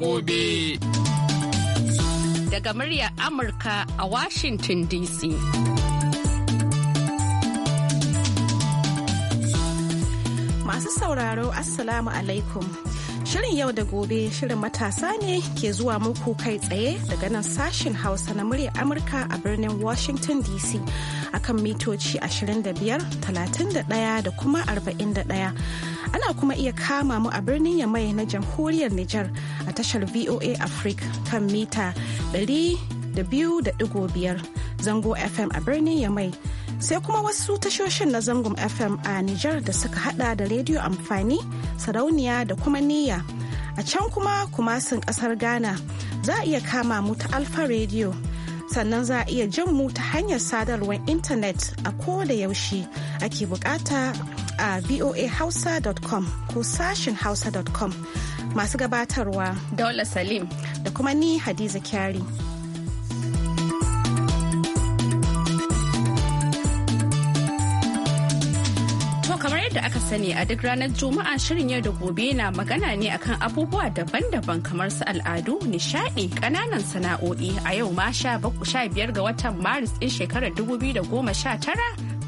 gobe. Daga muryar Amurka a Washington DC. Masu sauraro, Assalamu alaikum. Shirin yau da gobe shirin matasa ne ke zuwa muku kai tsaye daga nan sashen Hausa na muryar Amurka a birnin Washington DC akan mitoci 25, 31 da kuma 41. ana kuma iya kama mu a birnin yamai na jamhuriyar Nijar a tashar VOA Africa kan mita 200.5 zango FM a birnin yamai. Sai kuma wasu tashoshin na zangon FM a Nijar da suka hada da rediyo amfani, sarauniya da kuma niyya. A can kuma kumasin kasar Ghana za a iya kama mu ta Alfa Radio. Sannan za a iya jan mu ta hanyar sadarwar intanet a ko da yaushe ake bukata a voahausa.com ko sashin hausa.com masu gabatarwa daula salim da kuma ni hadiza kyari kamar yadda aka sani a duk ranar juma'a shirin yau da gobe na magana ne akan abubuwa daban-daban kamar su al'adu nishadi kananan sana'o'i a yau ma sha biyar ga watan maris din shekarar 2019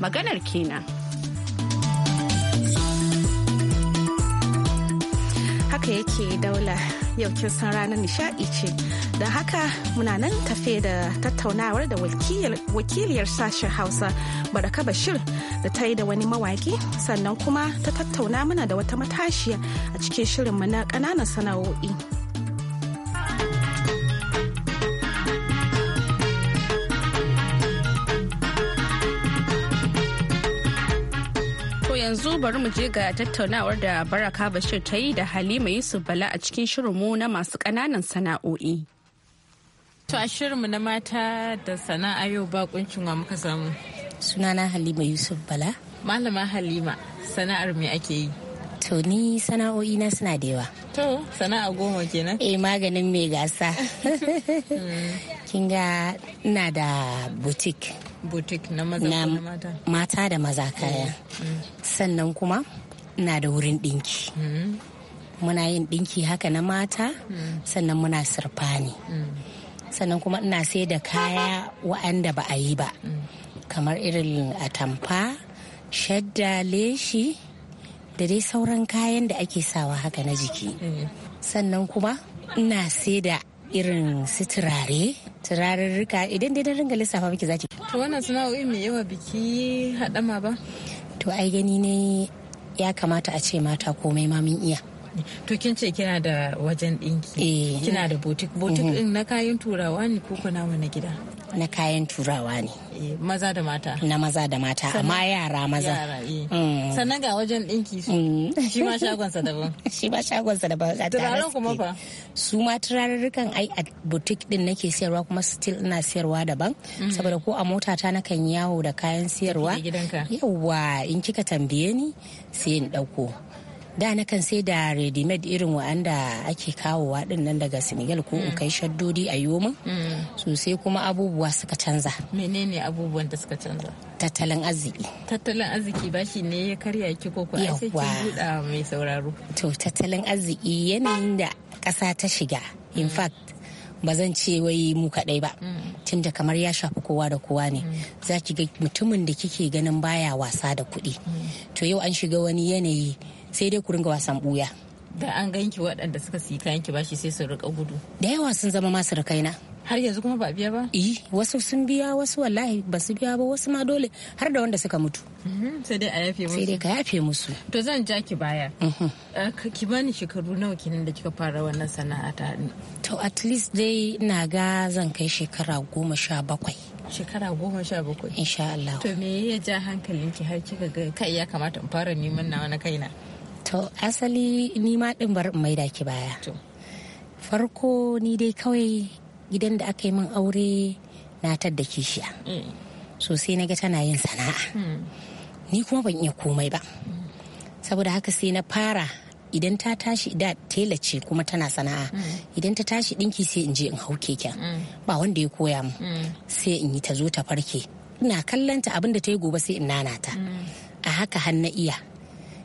maganar kenan. haka yake daula yau kin san ranar nishaɗi ce da haka muna nan tafe da tattaunawar da wakiliyar sashen hausa baraka bashir da ta yi da wani mawaki sannan kuma ta tattauna mana da wata matashiya a cikin shirinmu na ƙananan sana'o'i. yanzu bari mu je ga tattaunawar da Baraka Bashir ta yi da Halima Yusuf Bala a cikin shirinmu na masu ƙananan sana'o'i. To a shirinmu na mata da sana'a yau ba kuncin wa muka samu. Sunana Halima Yusuf Bala. Malama Halima, sana'ar me ake yi? To ni sana'o'i na suna da yawa. To sana'a goma kenan? Eh maganin mai gasa. Hmm. kin ga ina da butik na mata da maza kaya mm. sannan kuma ina da wurin dinki mm. muna yin dinki haka na mata mm. sannan muna sirfani sannan kuma ina sai da kaya wa'anda ba a yi ba kamar irin atamfa shadda leshi da dai sauran kayan da ake sawa haka na jiki eh. sannan kuma ina sai da irin su turare turarurruka idan dai na ringa lissafa miki zaki to wannan wuyi mai yawa biki haɗama ba to ai gani ne ya kamata a ce mata komai ma mun iya to kin ce kina da wajen dinki eh. kina da botik botik din mm-hmm. na kayan turawa ne ko kuna wani gida na kayan turawa ne eh, maza da mata na maza da mata amma yara maza eh. mm. sannan ga wajen dinki mm. shi ma shagonsa daban shi ma shagonsa daban turaren kuma fa su ma turarurrukan ai a boutique din nake siyarwa kuma still ina siyarwa daban mm. saboda ko a mota ta nakan yawo da kayan siyarwa Yawa in kika tambaye ni sai in dauko da na kan sai da ready made irin wa'anda ake kawowa din nan daga senegal ko in kai shaddodi a yomin mm. sosai kuma abubuwa suka canza menene abubuwan da suka canza tattalin arziki tattalin arziki bashi ne ya karya ki ko kuma sai ki buɗa mai sauraro to tattalin arziki yanayin da ƙasa ta shiga in mm. fact ba zan ce wai mu kaɗai ba mm. tunda kamar ya shafi kowa da kowa ne za ki ga mutumin da kike ganin baya wasa da kuɗi to yau an shiga wani yanayi sai dai ku ringa wasan buya da an ganki waɗanda suka siyi kayan ki bashi sai su rika gudu da yawa sun zama masu rikaina har yanzu kuma ba biya ba eh wasu sun biya wasu wallahi ba su biya ba wasu ma dole har da wanda suka mutu mhm, sai dai a yafe musu sai dai ka yafe musu to zan ja ki baya mhm. eh, ki bani shekaru nawa kenan da kika fara wannan sana'a ta to at least dai ina ga zan kai shekara goma sha bakwai shekara goma sha bakwai insha Allah to me ya ja hankalinki har kika ga kai ya kamata in fara neman nawa na kaina To asali ni ma ɗin bar in da ki baya. Farko ni dai kawai gidan da aka yi min aure na tadda kishiya. Mm. Sosai na ga tana yin sana'a. Mm. Ni kuma ban iya komai ba. Saboda haka sai na fara idan ta tashi da tela ce kuma tana sana'a mm. idan ta tashi ɗinki sai in je in hau keken ba wanda ya koya mu sai in yi ta zo ta farke ina kallonta abun da ta yi gobe sai in nana ta a haka har na iya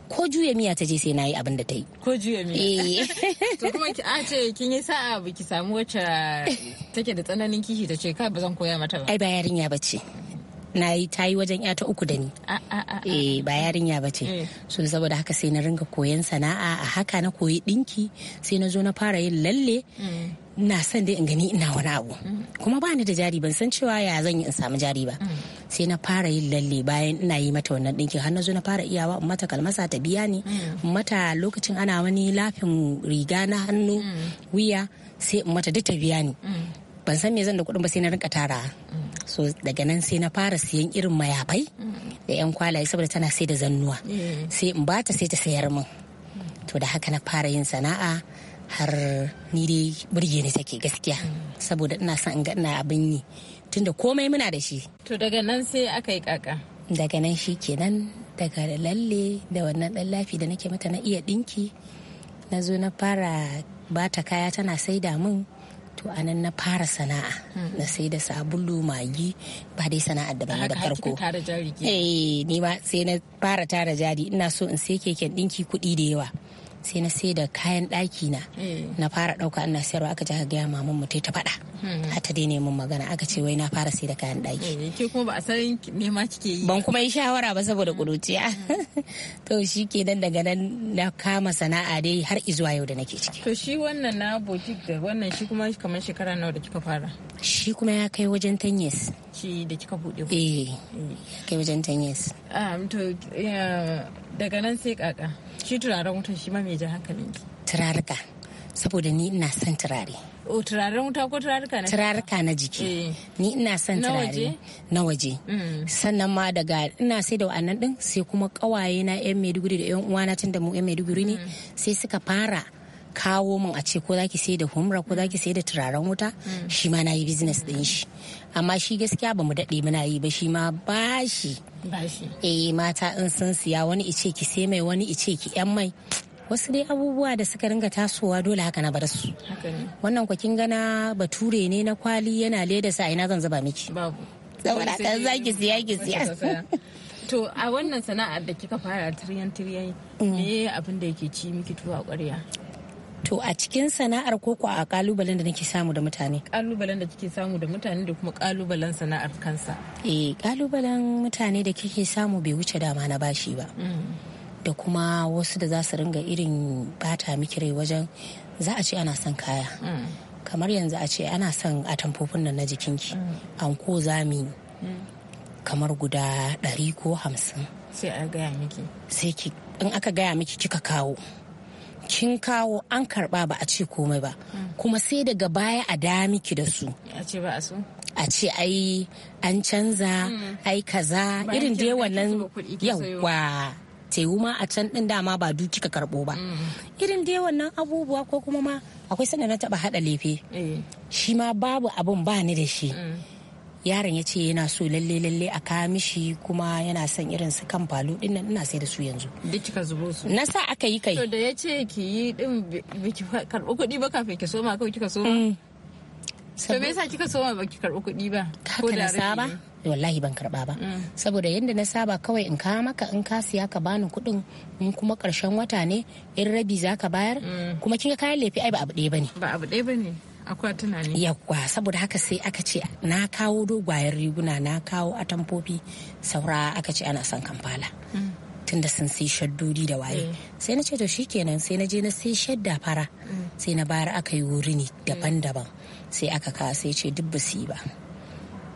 ko juya miya ta je sai na yi abin da ta yi ko juya miya eh. to kuma ki a ce kin yi sa'a ba ki samu wacce take da tsananin kishi ta ce kai ba zan koya mata ba ai ba yarinya bace na yi ta yi wajen ya ta uku da ni eh ba yarinya ba ce eh. so saboda haka sai na ringa koyan sana'a a haka na koyi ɗinki, sai na zo na fara yin lalle mm. ina son dai in gani ina wani abu mm. kuma bani da jari ban san cewa ya zan yi in samu jari ba mm. sai na fara yin lalle bayan ina yi mata wannan dinkin har na zo na fara iyawa in mata kalmasa ta biya ni mm. in mata lokacin ana wani lafin riga na hannu wuya sai in mata duk ta biya ni ban san me zan da kuɗin ba sai na rinka tara so daga nan sai na fara siyan irin mayafai da yan kwalaye saboda tana sai da zannuwa sai in bata sai ta sayar min to da haka na fara yin sana'a har ni dai burge ni take gaskiya saboda ina son in ga ina abin yi tunda komai muna da shi to daga nan sai aka yi kaka daga nan shi kenan daga lalle da wannan dan lafi da nake mata na iya dinki na zo na fara ba ta kaya tana sai da min to anan na fara sana'a na sai da sabulu magi ba dai sana'ar da ba da farko eh ni ma sai na fara tara jari ina so in sai keken dinki kuɗi da yawa sai na sai da kayan ɗaki na eh. na fara ɗauka ana sayarwa aka jaka gaya maman mu ta faɗa hmm. har ta daina mun magana aka ce wai na fara sai da kayan ɗaki eh, ke kuma ba a san nema kike yi ban kuma yi shawara ba saboda kuruciya to shi ke nan daga nan na kama sana'a dai har izuwa yau da nake ciki to shi wannan na botik da wannan shi kuma kamar shekara nawa da kika fara shi kuma ya kai wajen years shi da kika ku eh, eh. kai wajen tanyes ah, to daga nan sai kaka shi turaren wuta shi ma mai ji hankalin ki turaruka saboda ni ina son turare o turaren wuta ko turarika na Turarika na jiki eh. ni ina son turare na waje mm. sannan ma daga ina sai da wa'annan din sai kuma kawaye na yan maiduguri da yan uwana tun da mu yan maiduguri ne mm. sai suka fara kawo min a ce ko za ki sai da humra ko za ki sai da turaren wuta mm. shi ma na yi business din shi amma shi gaskiya ba mu daɗe muna yi ba shi ma bashi eh mata in sun siya wani ice ki sai mai wani ice ki yan mai wasu dai abubuwa da suka ringa tasowa dole haka na bar su wannan kwakin gana bature ne na kwali yana leda sa ina zan zuba miki saboda kan zaki siya ki siya to a wannan sana'ar da kika fara tiryan tiryan mm. me abin da yake ci miki tuwa ƙwarya to a cikin sana'ar ko a kalubalen da nake samu da mutane kalubalen da kike samu da mutane da kuma kalubalen sana'ar kansa eh kalubalen mutane da kike samu bai wuce dama na bashi ba mm. da kuma wasu da za su ringa irin bata miki rai wajen za a ce ana son kaya mm. kamar yanzu a ce ana son atamfofin nan na jikinki mm. an ko zami kamar guda ɗari ko hamsin sai a gaya miki sai ki in aka gaya miki kika kawo kin kawo an karba ba a ce komai ba kuma sai daga baya a damiki miki da su a ce ai an canza mm. ai kaza irin dai wannan yawa tewu ma a can din dama ba du kika karbo ba mm. irin dai wannan abubuwa ko kuma ma akwai sanda na taba hada lefe eh. shi ma babu abin ba ni da shi mm. yaron ya ce yana so lalle lalle a kawo mishi kuma yana son irin su kan falo din nan ina sai da su yanzu duk kika zubo su na sa aka yi kai to da ya ce ki yi din biki karbo kuɗi ba kafin ki soma kawai kika soma mm. to me yasa kika soma ba ki karbo kuɗi ba ko da saba wallahi ban karba ba mm. saboda yadda na saba kawai in ka maka in ka siya ka bani kudin in kuma karshen wata ne in rabi za ka bayar mm. kuma kinga kayan lefi ai ba abu ɗaya bane ba abu ɗaya bane akwai tunani yawwa saboda haka sai aka ce na kawo dogwayen riguna na kawo atamfofi saura aka ce ana son kamfala mm. tunda sun sai shaddodi da waye eh. sai na ce to kenan sai na je na sai shadda fara mm. sai na bayar aka yi wuri ne eh. daban-daban sai aka kawo sai ce duk ba su yi ba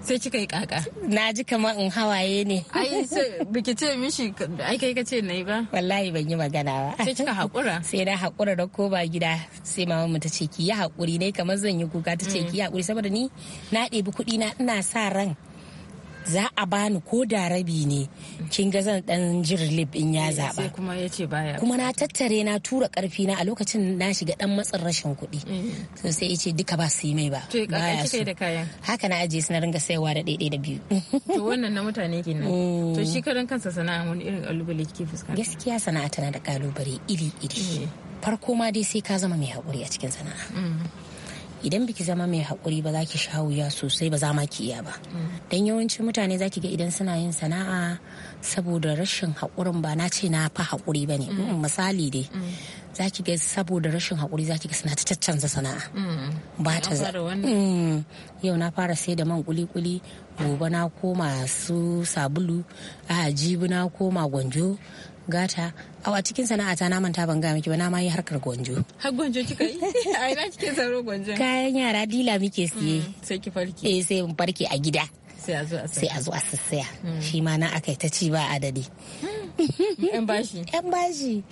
sai kika yi kaka na ji kamar in hawaye ne ai biki ce mishi ai kai ka ce na ba wallahi ban yi magana ba sai kika hakura sai na hakura da ko ba gida sai mama mu ta ce ki yi hakuri ne kamar zan yi kuka ta ce mm. ki yi hakuri saboda ni na ɗebi kuɗi na ina sa ran za a bani ko da rabi ne kin ga zan dan ji in ya eh, zaba kuma ya ce baya kuma na tattare na tura karfi na a lokacin na shiga dan matsin rashin kuɗi so eh. sai ya ce duka ba su yi mai ba baya kayan. haka na ajiye su na ringa sayawa da ɗaiɗai da biyu to wannan na mutane kenan to mm. shi karan kansa sana'a wani irin kalubale kike fuskanta gaskiya sana'a tana da kalubale iri iri eh. farko ma dai sai ka zama mai haƙuri a cikin sana'a mm. idan biki zama mai haƙuri ba za ki sha wuya sosai ba za ma ki iya ba don yawancin mutane za ki ga idan suna yin sana'a saboda rashin haƙurin ba na ce na fa haƙuri ba ne mm. Mm, misali dai mm. za ki ga saboda rashin haƙuri za ki ga suna ta caccanza sana'a ba ta za yau na fara sai da man kuli-kuli gobe na koma su sabulu a jibi na koma gwanjo gata au a cikin sana'ata na manta ban ga miki ba na ma yi harkar gwanjo har gwanjo kika yi a ina kike sauro gwanjo kayan yara dila muke siye hmm, sai ki farke eh sai mun farke a gida sai a zo a sassaya hmm. shi ma na akai ta ci ba adadi hmm. yan bashi yan bashi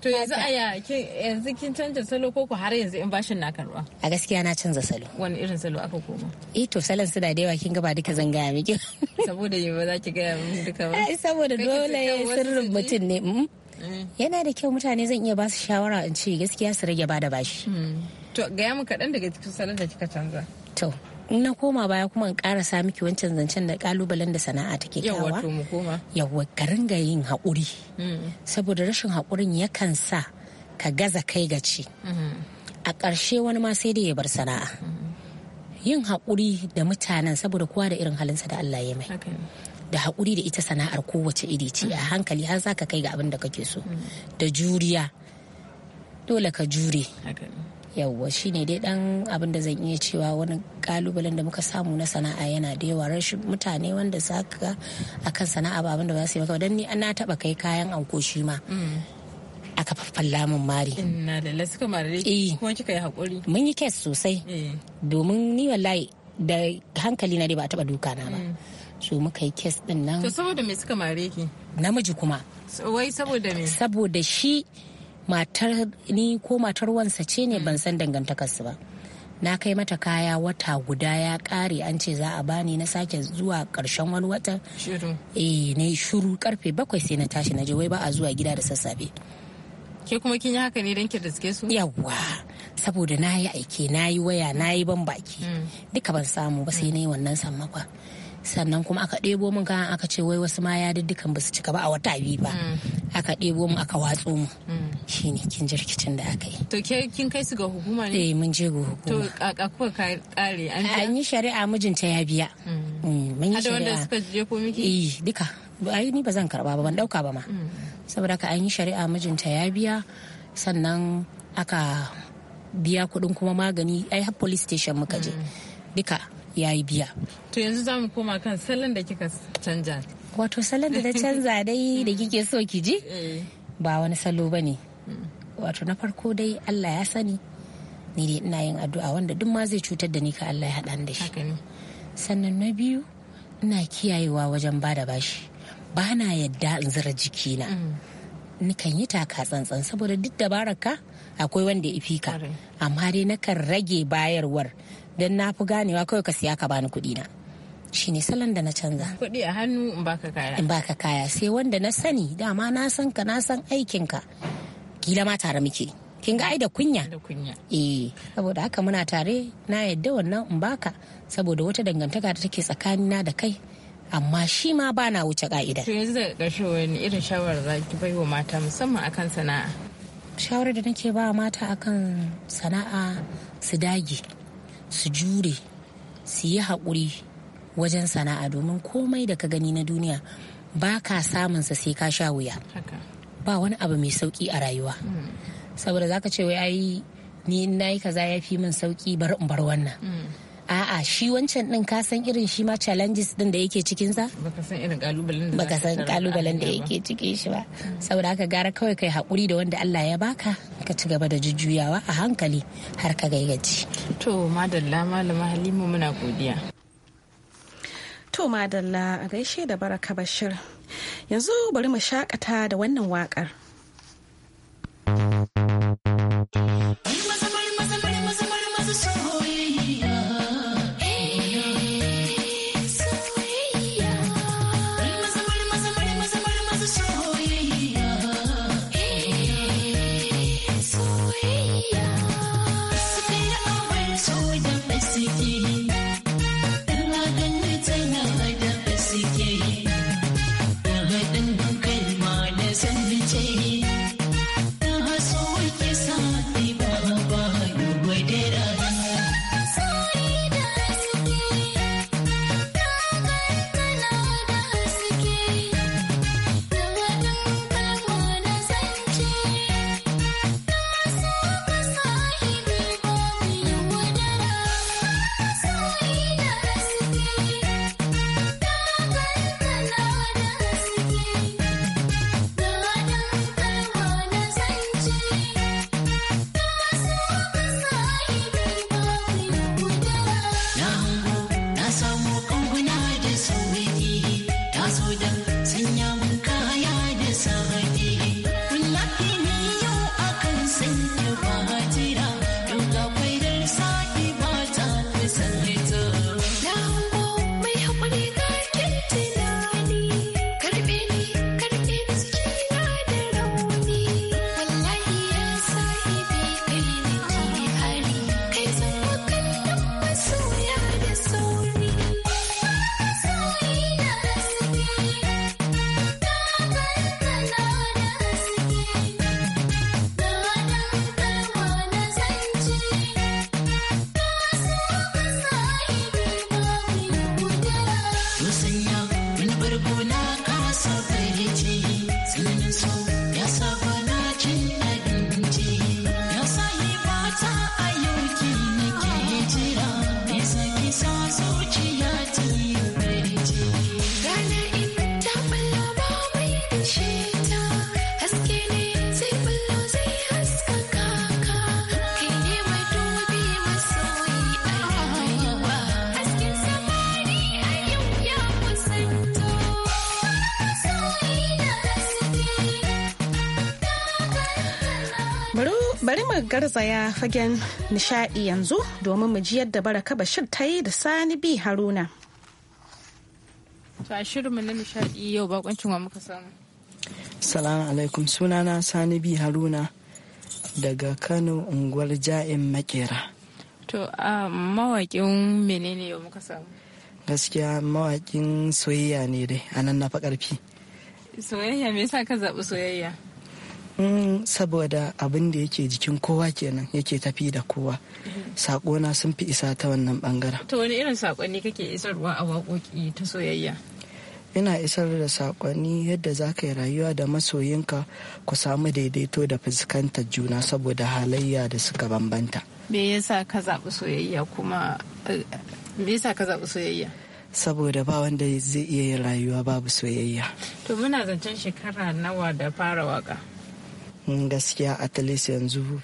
to yanzu aya yanzu kin canza salo ko ku har yanzu in bashin na karba a gaskiya na canza salo wani irin salo aka koma eh to salon suna da yawa kin gaba duka zan gaya miki saboda yi ba za ki gaya mun duka ba saboda dole sirrin mutum ne mm? Mm. yana da kyau mutane zan iya ba su shawara in ce gaskiya su rage ba da bashi hmm. to gaya mu kaɗan daga cikin salon da kika canza to in na koma baya kuma in karasa miki wancan zancen da kalubalen da sana'a take kawa yawwa ka ringa yin haƙuri mm. saboda rashin haƙurin yakan sa ka gaza kai ga gaci mm-hmm. a ƙarshe wani ma sai dai ya bar sana'a yin haƙuri da mutanen saboda kowa da irin halinsa da Allah ya mai da haƙuri da ita sana'ar kowace iri ce a mm-hmm. hankali har za ka kai ga abin da kake so mm. da juriya dole ka jure yawwa ne dai dan abin da zan iya cewa wani kalubalen da muka samu na sana'a yana da yawa rashin mutane wanda za ka a kan sana'a ba abin da ba su yi maka don ni na taba kai kayan anko shi ma mm. aka faffalla lamun mari. Ina da lasuka mari eh. kuma kika yi hakuri. Mun yi kes sosai eh. domin ni wallahi da hankali na dai ba a taba duka na ba. Mm. So muka yi kes din nan. To saboda me suka mare ki? Namiji kuma. Wai saboda me? Saboda shi matar ni ko matar wansa ce ne ban san dangantakarsu ba na kai mata kaya wata guda ya kare an ce za a bani na sake zuwa karshen wani wata eh ne shuru karfe bakwai sai na tashi na je wai ba a zuwa gida da sassafe ke kuma kin yi haka ne don ki su yawwa saboda na yi aiki na yi waya na yi ban baki mm. duka ban samu ba sai na yi wannan sammakwa sannan kuma aka ɗebo mun kayan aka ce wai wasu ma ya dukkan ba su cika ba a wata biyu ba mm. aka ɗebo mu aka watso mu mm. shine kin jirkicin da aka yi to ke kin kai su ga hukuma ne eh mun je ga hukuma to a kuka kare an yi shari'a mijinta ya biya mm. mun yi shari'a wanda suka je ko miki eh duka ai ni ba zan karba ba ban dauka ba ma saboda ka an yi shari'a mijinta ya biya sannan aka biya kuɗin kuma magani ai har police station muka je duka ya yi biya to yanzu za mu koma kan salon da kika canja wato salon da ta canza dai da kike so ki ji eh. ba wani salo ba ne wato na farko dai allah ya sani ni dai ina yin addu'a wanda duk ma zai cutar da ni ka allah ya haɗa da shi sannan na biyu ina kiyayewa wajen bada bashi ba na yadda in zira jikina mm. kan yi taka tsantsan saboda duk dabarar ka akwai wanda ya fi ka amma dai nakan rage bayarwar don na fi ganewa kawai ka siya ka bani kuɗi na shi ne salon da na canza kuɗi a hannu in baka kaya in baka kaya sai wanda na sani dama na san ka na san aikin ka gila ma tare muke kin ga ai da kunya da kunya eh saboda haka muna tare na yadda wannan in baka saboda wata dangantaka da take tsakanina da kai amma shi ma ba na wuce ka'ida. To yanzu daga ƙarshe wani irin shawarar za ki bai wa mata musamman akan sana'a? Shawarar da nake ba mata akan sana'a su dage su jure su yi haƙuri wajen sana'a domin komai da ka gani na duniya ba ka samunsa sai ka sha wuya ba wani abu mai sauki a rayuwa hmm. saboda zaka ce wai ai ni na yi kaza ya fi min sauki bar in bar wannan hmm. a'a shi wancan din ka san irin shi ma challenges din da yake cikin sa baka san irin kalubalen da baka san yake cikin shi ba hmm. saboda haka gara kawai kai hakuri da wanda Allah ya baka ka ci gaba da jujjuyawa a hankali har ka gaigaci To madalla malama Halima muna godiya. To madalla a gaishe da baraka bashir. Yanzu bari mu shakata da wannan waƙar. Bari mu garzaya fagen nishadi yanzu domin mu ji yadda baraka bashir ta yi da sani bi haruna. To a shirinmu na nishadi yau bakoncin wa muka samu. Salamu alaikum sunana sani bi haruna daga Kano unguwar ja'in makera. To a mawakin menene yau muka samu? Gaskiya mawakin soyayya ne dai a nan na fa ƙarfi. Soyayya me yasa ka zaɓi soyayya? Mm, saboda abin da yake jikin kowa kenan yake tafi da kowa sakona sun fi isa ta wannan bangaren to wani irin sakonni kake isarwa a waƙoƙi ta soyayya ina isar da sakonni yadda za ka yi rayuwa da masoyinka ku samu daidaito da fuskantar juna saboda halayya da suka bambanta me yasa ka zaɓi soyayya kuma eh, me yasa ka zaɓi soyayya saboda ba wanda zai iya yin rayuwa babu soyayya to muna zancen shekara nawa da fara waka Mm, gaskiya a yanzu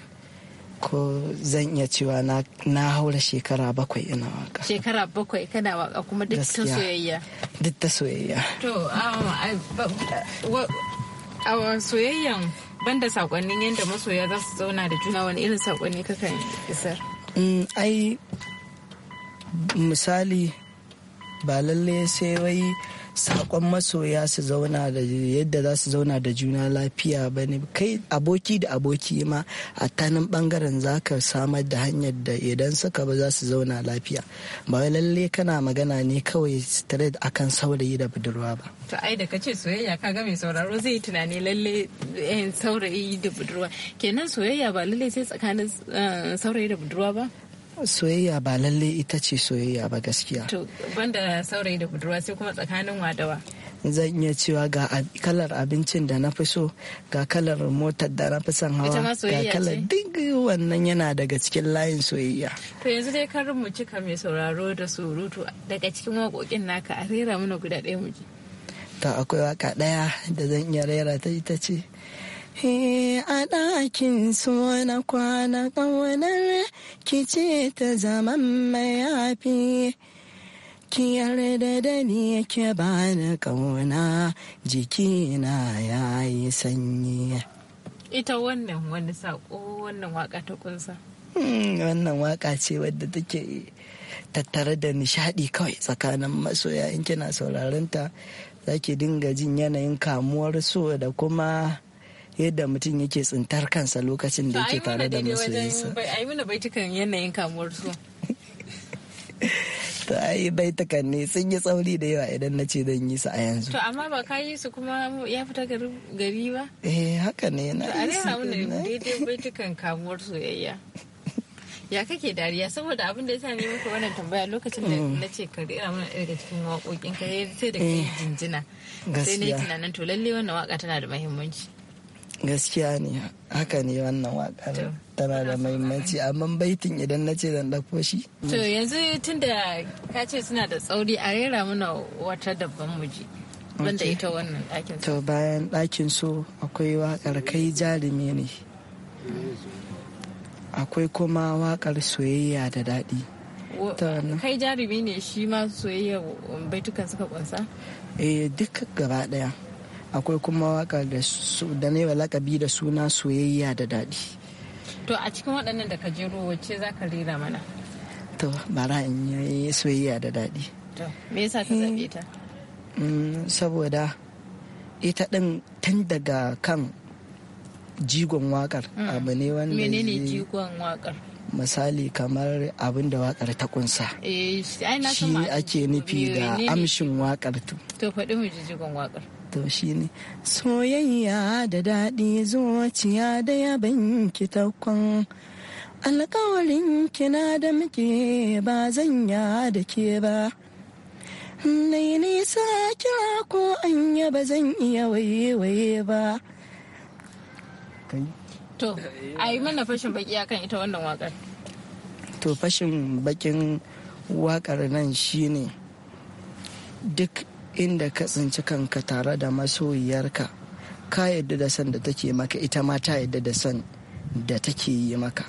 ko zan iya cewa na haura shekara bakwai ina waka. Shekara bakwai kana waka kuma duk ta soyayya. Duk ta soyayya. To, um, uh, a soyayyan banda sakonnin yadda masoya za su zauna da juna wani irin sakonni kakan isar. Mm, ai, misali ba lalle sai wai sakon masoya su zauna da yadda za su zauna da juna lafiya ba ne kai aboki da aboki ma a tanin bangaren za ka samar da hanyar da idan suka ba za su zauna lafiya ba lalle kana magana ne kawai straight akan saurayi da budurwa ba to ai da kace soyayya ka ga mai sauraro zai tunani lalle eh, saurayi da budurwa kenan soyayya ba lalle sai tsakanin eh, saurayi da budurwa ba soyayya ba lalle ita ce soyayya ba gaskiya to banda saurayi da budurwa sai kuma tsakanin wadawa zan iya cewa ga kalar abincin da na fi so ga kalar motar da na fi son hawa ga kalar duk wannan yana daga cikin layin soyayya to yanzu dai karin mu cika mai sauraro da surutu daga cikin waƙoƙin naka a rera mana guda ɗaya mu ji to akwai waka ɗaya da zan iya rera ta ita ce a ɗakin suna kwana ƙaunar ki ce ta zaman mayafi. Ki yarda da ni ke bani ƙauna jikina ya yi sanyi. Ita wannan wani saƙo wannan waka ta kunsa. Hmm, wannan waka ce wadda take tattare da nishaɗi kawai tsakanin masoya in kina sauraron ta za ki dinga jin yanayin kamuwar so da kuma yadda mutum yake tsintar kansa lokacin da yake tare da masoyinsa. Ai muna baitukan yanayin kamuwar su. To ai baitukan ne sun yi tsauri da yawa idan na ce zan yi su a yanzu. To amma ba ka yi su kuma ya fita gari ba? Eh haka ne na yi su. To a rera daidai bai kan kamuwar soyayya. ya kake dariya saboda abin da ya sani muku wannan tambaya lokacin da mm. na ce ka rera mana ɗaya daga cikin waƙoƙin ka sai da yi eh, jinjina sai na yi tunanin to lalle wannan waƙa tana da muhimmanci gaskiya ne haka ne wannan wakar tana da mahimmanci amma baitin idan na ce zan ɗauko shi. to yanzu da ka ce suna da tsauri a rera mana wata dabban muji banda ita wannan ɗakin to bayan ɗakin so akwai wakar kai jarumi ne akwai kuma wakar soyayya da daɗi kai jarumi ne shi ma soyayya baitukan suka ƙunsa? eh duk gaba ɗaya akwai kuma waka da su da ne lakabi da suna soyayya da daɗi to a cikin waɗannan da ka jero wacce za ka rera mana to bara in yi soyayya da daɗi to me yasa ka zaɓe ta mm, saboda ita ɗin tun daga kan jigon wakar mm. abu ne wanda menene jigon wakar misali kamar abin da wakar ta kunsa eh, shi ake nufi da amshin wakar to faɗi mu jigon wakar to ne soyayya da daɗi zuciya da yaban ki taukon alkawarin kina da muke ba zan ya da ke ba nai nisa kira ko anya ba zan iya waye-waye ba to a yi mana fashin baki akan ita wannan wakar to fashin bakin wakar nan shine duk inda ka tsinci kanka tare da masoyiyarka ka yadda da san da take maka ita ma ta yadda da san da take yi maka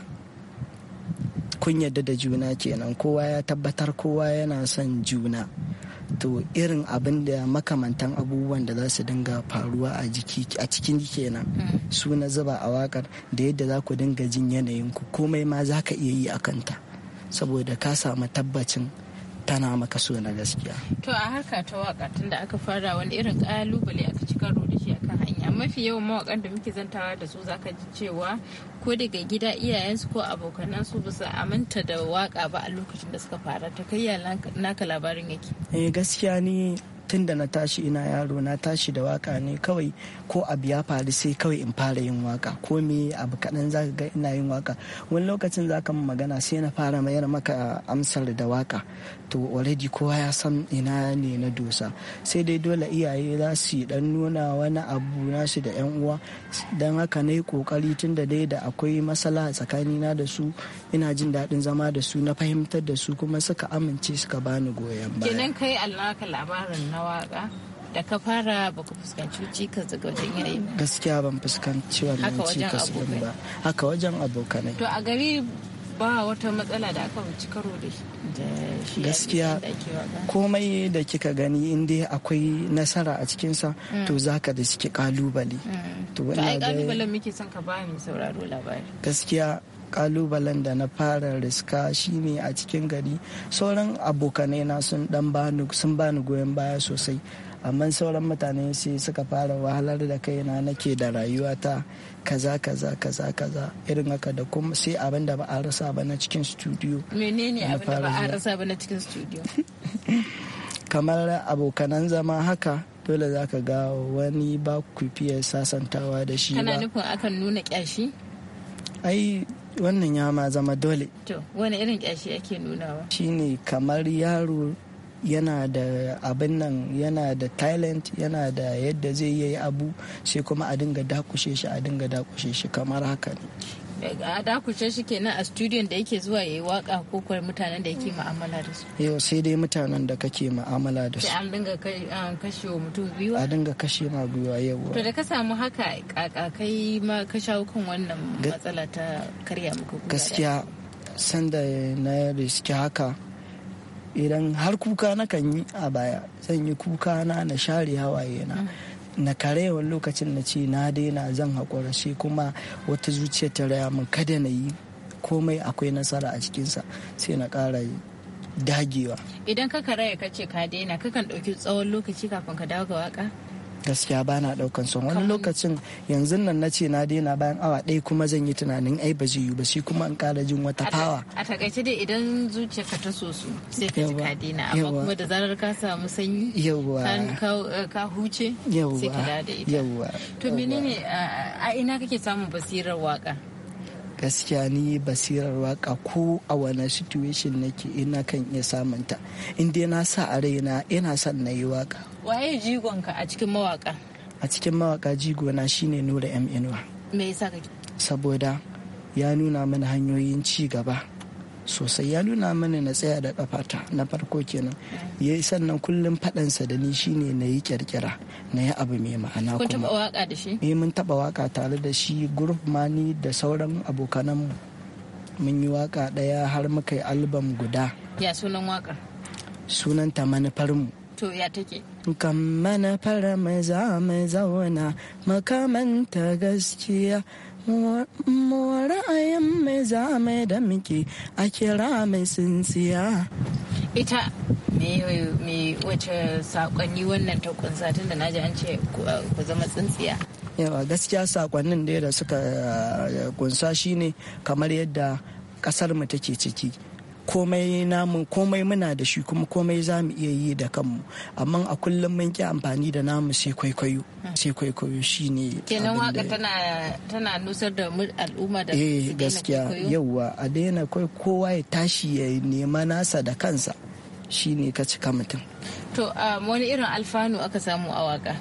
kun yadda da juna kenan kowa ya tabbatar kowa yana son juna to irin abin da makamantan abubuwan da za su dinga faruwa a cikin kenan mm. su na zuba a wakar da yadda za ku dinga jin yanayinku komai ma za ka iya yi a kanta saboda ka samu tabbacin tana maka so gaskiya to a harka ta waka tun da aka fara wani irin kalubale aka ci karo da shi akan hanya mafi yawan mawakan da muke zantawa da su zaka ji cewa ko daga gida iyayensu ko abokanansu ba su aminta da waka ba a lokacin da suka fara ta kai naka labarin yake eh gaskiya ni tun da na tashi ina yaro na tashi da waka ne kawai ko abu ya faru sai kawai in fara yin waka ko me abu kaɗan za ga ina yin waka wani lokacin za ka magana sai na fara mayar maka amsar da waka to already kowa ya san ina ne na dosa sai dai dole iyaye za su yi dan nuna wani abu nasu da yan uwa don haka na yi kokari tun da dai da akwai masala tsakanina da su ina jin daɗin zama da su na fahimtar da su kuma suka amince suka bani goyon baya kenan kai alaka labarin na waka da ka fara ba ku fuskanci cikas daga wajen yayi ba gaskiya ban fuskanci wannan cikas din ba haka wajen abokanai to a gari ba wata matsala da aka wuce karo da shi gaskiya komai da kika gani in dai akwai nasara a cikinsa mm. to za ka da suke kalubale mm. to wannan kalubalen muke son ka ba mu sauraro labari gaskiya kalubalen da na fara riska shine a cikin gari sauran abokanai na sun dan bani sun bani goyon baya sosai amma sauran mutane sai suka fara wahalar da kaina nake da rayuwata kaza kaza kaza kaza irin haka da kuma sai abin da ba a rasa ba na cikin studio menene abin da ba a rasa ba na cikin studio kamar abokanan zama haka dole za ka ga wani ba ku fiye sasantawa da shi ba kana nufin akan nuna kyashi ai wannan ya ma zama dole to wani irin kyashi ake nunawa shine kamar yaro yana da abin nan yana da talent yana da yadda zai yi abu sai kuma a dinga dakushe shi a dinga dakushe shi kamar haka ne a dakushe shi kenan a studion da yake zuwa ya yi waka ko kuma mutanen da yake ma'amala da su yau sai dai mutanen da kake ma'amala da su sai an dinga kashe wa mutum gwiwa a dinga kashe ma gwiwa yau to da ka samu haka kakakai ma ka shawo kan wannan matsala ta karya muku gaskiya sanda na riski haka idan har kuka na kan yi a baya zan yi kuka na na share hawaye na na karewan lokacin na ce na daina zan haƙura shi kuma wata zuciya ta raya min kada na yi komai akwai nasara a cikinsa sai na ƙara yi dagewa idan ka karaya ka ce ka daina kakan ɗauki tsawon lokaci kafin ka dawo ga waka gaskiya ba na ɗaukan son wani lokacin yanzu nan na ce na daina bayan awa ɗaya kuma zan yi tunanin ai ba zai yi ba shi kuma in ƙara jin wata fawa a takaice dai idan zuciyarka ta so su sai ka ji ka daina amma kuma da zarar ka samu sanyi ka huce sai ka da ita to menene a ina kake samun basirar waka gaskiya ni basirar waka ko a wani situation nake ina kan iya samunta inda na sa a raina ina son na yi waka waye jigonka a cikin mawaka a cikin mawaka jigona shine nura yan inuwa me yasa kake saboda ya nuna mana hanyoyin ci gaba sosai ya nuna mana na tsaya da kafata na farko kenan ya yi sannan kullum faɗansa da ni shine na yi kirkira na yi abu mai ma'ana kuma kun waka da shi eh, mun taɓa waka tare da shi group mani da sauran abokananmu mun yi waka ɗaya har muka yi album guda ya sunan waka sunanta manufarmu to ya take gammana fara mai za mai zauna makamanta gaskiya mu ra'ayin mai za mai da muke a kira mai sinsiya ita me wace sakonni wannan ta kunsa tun da naji an ce ku zama tsintsiya yawa gaskiya sakonnin da suka kunsa eh, shine kamar yadda kasar mu take ciki komai namun komai muna da shi kuma komai za mu iya yi da kanmu amma a kullum mun ki amfani da namu sai kwaikwayo sai kwaikwayo shine kenan waka tana tana nusar da al'umma da eh gaskiya yauwa a daina kai kowa ya tashi ya nema nasa da kansa shine ka cika mutum to um, wani irin alfanu aka samu a waka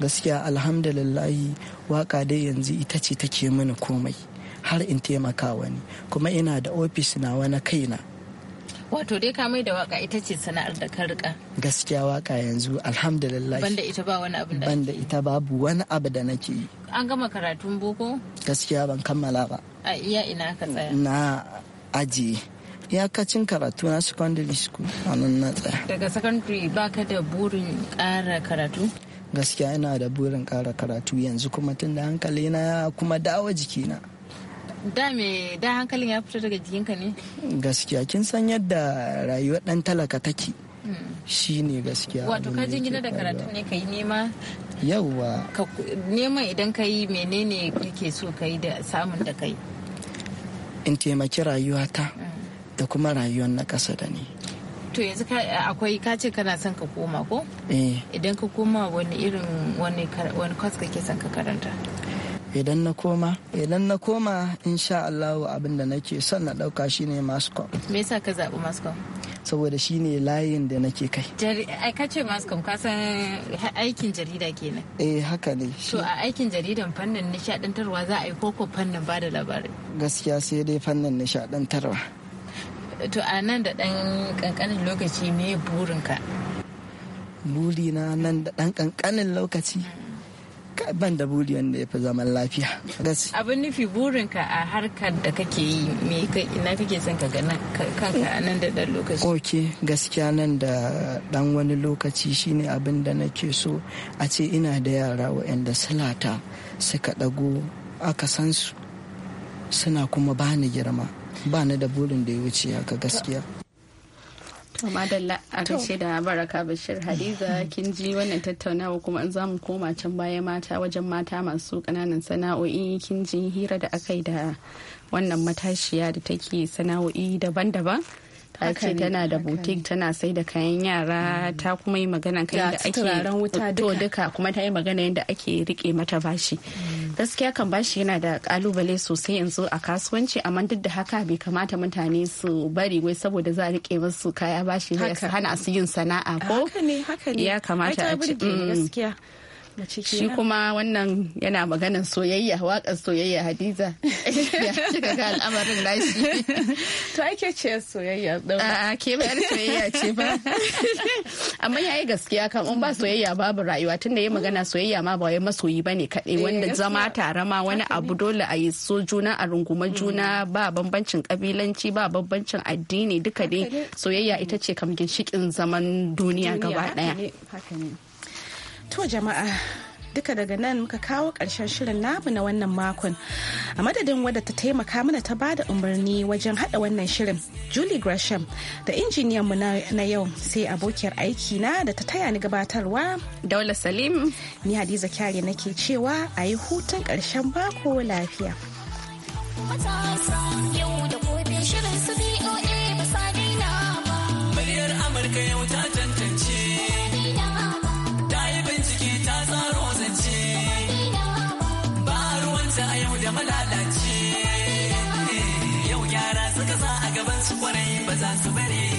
gaskiya alhamdulillahi waka dai yanzu ita ce take mini komai har in taimaka wani kuma ina da ofis nawa na kaina wato dai ka mai da waka ita ce sana'ar da ka rika gaskiya waka yanzu alhamdulillah banda ita ba wani abu da banda ita babu wani abu da nake yi an gama karatun boko gaskiya ban kammala ba a iya ina ka tsaya na aji iyakacin karatu na secondary school a nan na tsaya daga secondary baka da burin ƙara karatu gaskiya ina da burin ƙara karatu yanzu kuma tun da hankali na kuma dawo jikina da me da hankalin ya fito daga jikinka ne gaskiya kin san yadda rayuwar dan talaka take hmm. shi ne gaskiya wato ka jin gida da karatu ne ka yi nema yauwa neman idan ka yi menene kake so ka yi da samun da kai in taimaki rayuwata hmm. da kuma rayuwar na kasa da ni to yanzu akwai ka ce kana son ka koma ko eh. idan ka koma wani irin wani kwas kake son ka karanta idan na koma idan na koma insha Allah abin da nake son na dauka shine mascom me yasa ka zabi mascom saboda shine layin da nake kai ai ka ce mascom ka san aikin jarida kenan eh haka ne to a aikin jaridan fannin nishadantarwa za a yi koko fannin ba da labarai gaskiya sai dai fannin nishadantarwa to a nan da dan kankanin lokaci me burinka burina nan da dan kankanin lokaci kai ban da buri wanda ya fi zaman lafiya abin nufi burinka a harkar da kake yi me ina kake son ka gana kanka a nan da dan lokaci ok gaskiya nan da ɗan wani lokaci shine abin da nake so a ce ina da yara waɗanda salata suka ɗago aka san su suna kuma bani girma bani da burin da ya wuce haka gaskiya To madalla a da Baraka Bashir Hadiza kin ji wannan tattaunawa kuma in zamu koma can baya mata wajen mata masu kananan sana'o'i kin ji hira da aka yi da wannan matashiya da take sana'o'i daban-daban. ta ce tana da boutique tana sai da kayan yara ta kuma yi magana kan yadda ake to duka kuma ta yi magana yadda ake rike mata bashi mm. gaskiya kan bashi yana da kalubale sosai yanzu a kasuwanci amma duk da haka bai kamata mutane su bari wai saboda za a rike musu kaya bashi zai hana su yin sana'a ko ya kamata a mm. gaskiya shi kuma wannan yana maganan soyayya waƙar soyayya hadiza ya cika ga al'amarin nashi to ake ce soyayya a ke bayar soyayya ce ba amma yayi gaskiya kan in ba soyayya babu rayuwa tunda yayi magana soyayya ma ba wai masoyi bane kaɗai eh, wanda zama tare ma wani abu dole a yi so juna a runguma juna mm. ba bambancin kabilanci ba bambancin addini duka dai soyayya ita ce kam ginshikin zaman duniya gaba ɗaya To jama'a duka daga nan muka kawo ƙarshen shirin namu na wannan makon a madadin wadda ta taimaka mana ta bada umarni wajen haɗa wannan shirin julie gresham da injiniyanmu na yau sai abokiyar aiki na da ta taya ni gabatarwa daula salim ni hadiza na nake cewa a yi hutun ƙarshen bako lafiya. yau da i I'm so ready.